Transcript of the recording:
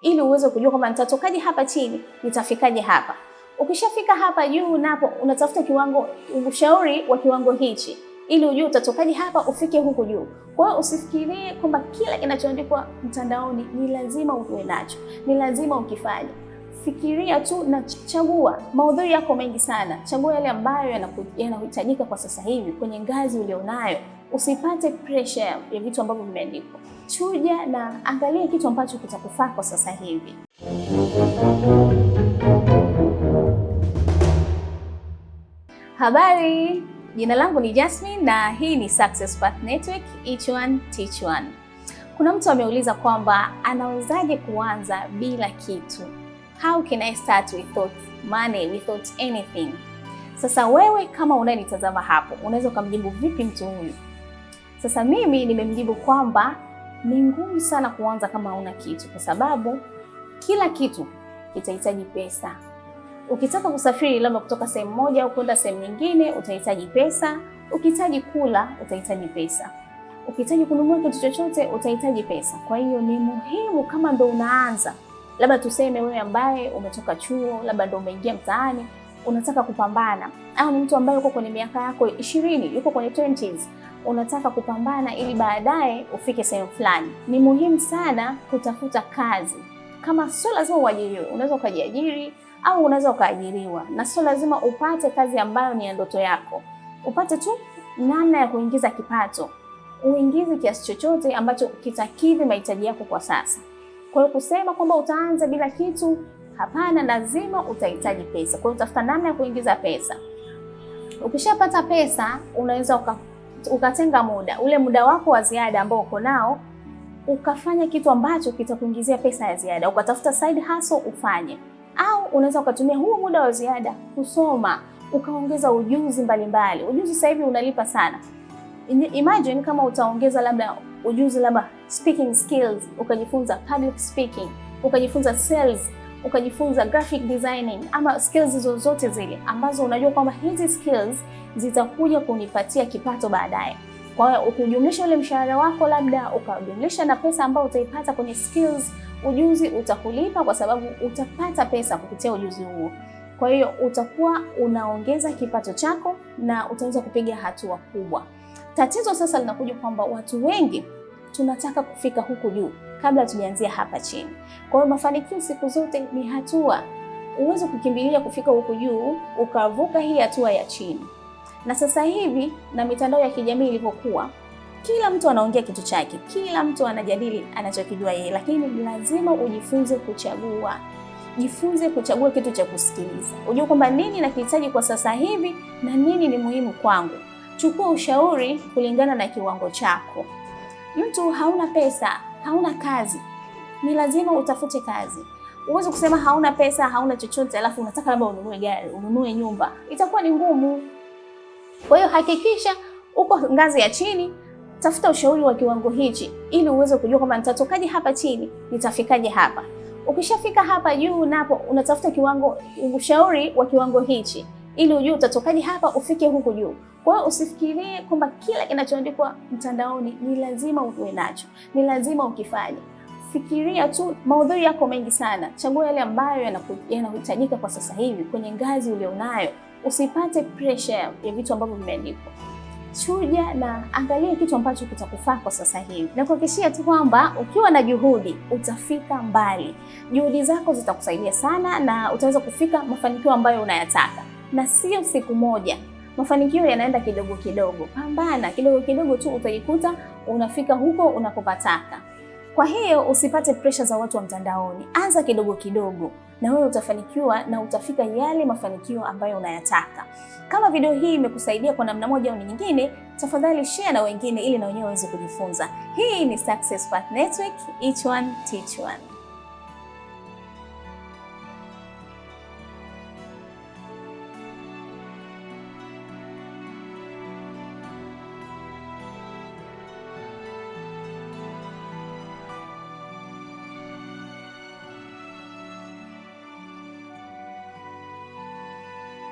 ili uweze kujua kwamba nitatokaje hapa chini, nitafikaje hapa. Ukishafika hapa juu, napo unatafuta kiwango, ushauri wa kiwango hichi ili ujue utatokaje hapa ufike huku juu. Kwa hiyo usifikirie kwamba kila kinachoandikwa mtandaoni ni lazima uwe nacho, ni lazima ukifanye. Fikiria tu na chagua. Maudhui yako mengi sana, chagua yale ambayo yanahitajika kwa sasa hivi kwenye ngazi ulionayo. Usipate pressure ya vitu ambavyo vimeandikwa. Chuja na angalia kitu ambacho kitakufaa kwa sasa hivi. Habari, jina langu ni Jasmine na hii ni Success Path Network, each one teach one. Kuna mtu ameuliza kwamba anawezaje kuanza bila kitu? How can I start without money, without anything? Sasa wewe kama unayenitazama hapo, unaweza ukamjibu vipi mtu huyu? Sasa mimi nimemjibu kwamba ni ngumu sana kuanza kama hauna kitu, kwa sababu kila kitu kitahitaji pesa. Ukitaka kusafiri labda kutoka sehemu moja au kwenda sehemu nyingine, utahitaji pesa. Ukihitaji kula, utahitaji pesa. Ukihitaji kununua kitu chochote, utahitaji pesa. Kwa hiyo ni muhimu kama ndo unaanza, labda tuseme wewe ambaye umetoka chuo, labda ndo umeingia mtaani unataka kupambana, au ni mtu ambaye uko kwenye miaka yako ishirini, yuko kwenye 20s unataka kupambana ili baadaye ufike sehemu fulani, ni muhimu sana kutafuta kazi. Kama sio lazima uajiriwe, unaweza ukajiajiri au unaweza ukaajiriwa, na sio lazima upate kazi ambayo ni ya ndoto yako. Upate tu namna ya kuingiza kipato, uingize kiasi chochote ambacho kitakidhi mahitaji yako kwa sasa. Kwa hiyo kusema kwamba utaanza bila kitu Hapana, lazima utahitaji pesa. Kwa hiyo utafuta namna ya kuingiza pesa. Ukishapata pesa, unaweza uka, ukatenga muda ule muda wako wa ziada ambao uko nao ukafanya kitu ambacho kitakuingizia pesa ya ziada, ukatafuta side hustle ufanye, au unaweza ukatumia huo muda wa ziada kusoma, ukaongeza ujuzi mbalimbali mbali. Ujuzi sasa hivi unalipa sana. Imagine kama utaongeza labda ujuzi labda speaking skills, ukajifunza public speaking, ukajifunza sales ukajifunza graphic designing ama skills zozote zile ambazo unajua kwamba hizi skills zitakuja kunipatia kipato baadaye. Kwa hiyo ukijumlisha ule mshahara wako, labda ukajumlisha na pesa ambayo utaipata kwenye skills, ujuzi utakulipa kwa sababu utapata pesa kupitia ujuzi huo. Kwa hiyo utakuwa unaongeza kipato chako na utaweza kupiga hatua kubwa. Tatizo sasa linakuja kwamba watu wengi tunataka kufika huku juu kabla tujaanzia hapa chini. Kwa hiyo mafanikio siku zote ni hatua. uwezo kukimbilia kufika huku juu ukavuka hii hatua ya chini. Na sasa hivi na mitandao ya kijamii ilivyokuwa, kila mtu anaongea kitu chake, kila mtu anajadili anachokijua yeye, lakini lazima ujifunze kuchagua. Jifunze kuchagua kitu cha kusikiliza, ujue kwamba nini nakihitaji kwa sasa hivi na nini ni muhimu kwangu. Chukua ushauri kulingana na kiwango chako. Mtu hauna pesa hauna kazi, ni lazima utafute kazi. Uweze kusema hauna pesa, hauna chochote, alafu unataka labda ununue gari, ununue nyumba, itakuwa ni ngumu. Kwa hiyo hakikisha uko ngazi ya chini, tafuta ushauri wa kiwango hichi, ili uweze kujua kwamba nitatokaje hapa chini, nitafikaje hapa. Ukishafika hapa juu, napo unatafuta kiwango, ushauri wa kiwango hichi, ili ujue utatokaje hapa, ufike huku juu. Kwa hiyo usifikirie kwamba kila kinachoandikwa mtandaoni ni lazima uwe nacho, ni lazima ukifanye. Fikiria tu, maudhui yako mengi sana, chagua yale ambayo yanahitajika kwa sasa hivi kwenye ngazi ulionayo. Usipate pressure ya vitu ambavyo vimeandikwa. Chuja na angalia kitu ambacho kitakufaa kwa sasa hivi. kuhakikishia tu kwamba ukiwa na juhudi utafika mbali. Juhudi zako zitakusaidia sana na utaweza kufika mafanikio ambayo unayataka, na sio siku moja mafanikio yanaenda kidogo kidogo. Pambana kidogo kidogo tu, utajikuta unafika huko unakopataka. Kwa hiyo usipate presha za watu wa mtandaoni, anza kidogo kidogo, na wewe utafanikiwa na utafika yale mafanikio ambayo unayataka. Kama video hii imekusaidia kwa namna moja au nyingine, tafadhali share na wengine, ili na wenyewe waweze kujifunza. Hii ni Success Path Network, each one teach one.